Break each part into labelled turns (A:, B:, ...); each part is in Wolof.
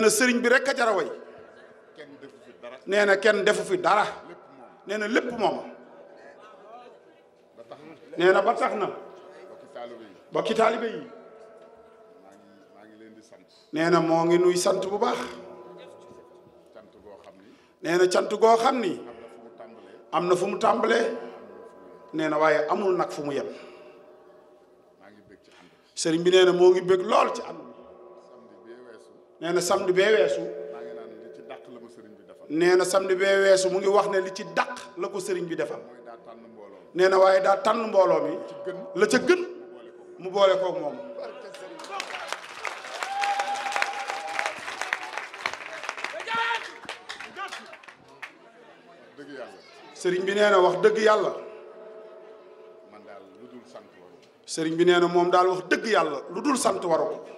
A: nee sëriñ bi rekk a jar a nee na kenn defu fi dara nee na lépp mooma nee na ba tax na bokki taalibe yi nee na moo ngi nuy sant bu baax nee na cant goo xam ni am na fu mu tàmbalee nee na waaye amul nag fu mu yem sëriñ bi nee moo ngi bëgg lool ci am nee samedi be wessu nee samedi be wessu mu ngi wax ne li ci dak la ko sëriñ bi defal nee waye da tan mbolo mi la ca gën mu bolé ko mom serigne bi nee na wax dëgg yàlla sëriñ bi nee na moom daal wax dëgg yàlla lu dul sant waru ko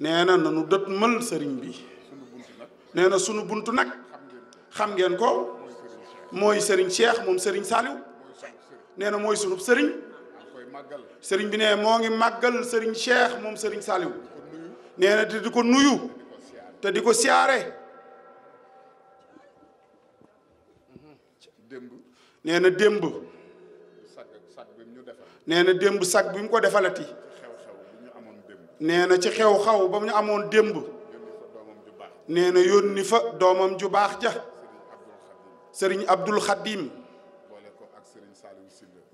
A: nee na nanu dët mël sëriñ bi nee na sunu buntu nag xam ngeen ko mooy sëriñ Cheikh moom sëriñ Saliou nee na mooy sunub sëriñ sëriñ bi nee moo ngi màggal sëriñ Cheikh moom sëriñ Saliou nee na te di ko nuyu te di ko siyaare nee na démb nee na démb sag bi mu ko defalati nee na ci xew-xew ba mu ñu amoon démb nee na yónni fa doomam ju baax ja sëriñ Abdul Xadim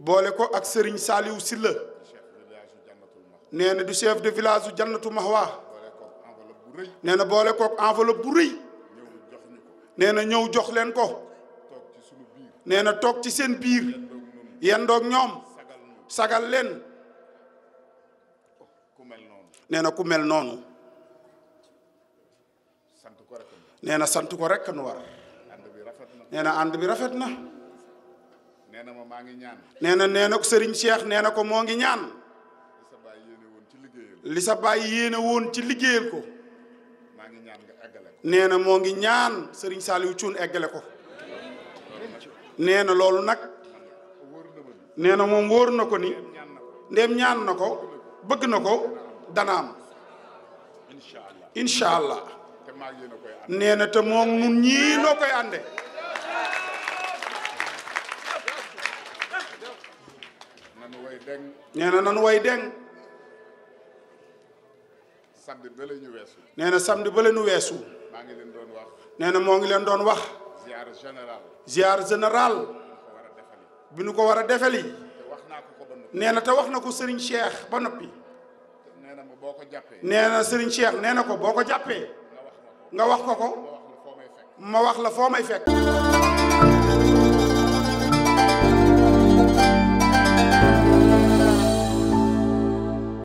A: boole ko ak sëriñ Saaliw Silla nee na du chef de village su Jannatu Mahwa nee na boole ko enveloppe bu rëy nee na ñëw jox leen ko nee na toog ci seen biir yendoog ñoom sagal leen mel noonu nee na ku mel noonu sant ko rek nee na sant ko rek nu war ànd bi rafet na nee na bi rafet na nee na ma maa ngi ñaan nee na nee na sëriñ Cheikh nee na ko moo ngi ñaan li sa baay yéene woon ci liggéeyal ko maa ngi ñaan nga nee na moo ngi ñaan sëriñ Saliou Thioune eggale ko nee na loolu nag nee na moom wóor na ko ni ndéem ñaan na ko bëgg na ko dana am incha allah nee na te moom nun ñii noo koy ànde nee nanu way deng samedi bële ñu weesu nee na weesu maa ngi leen doon wax nee moo ngi leen doon wax ziar général ziar général bi nu ko war a nee na te wax na ko sëriñ Cheikh ba noppi. nee na boo ko jàppee. nee na sëriñ Cheikh nee na ko boo ko jàppee. nga wax ko ko. ma wax la foo may fekk.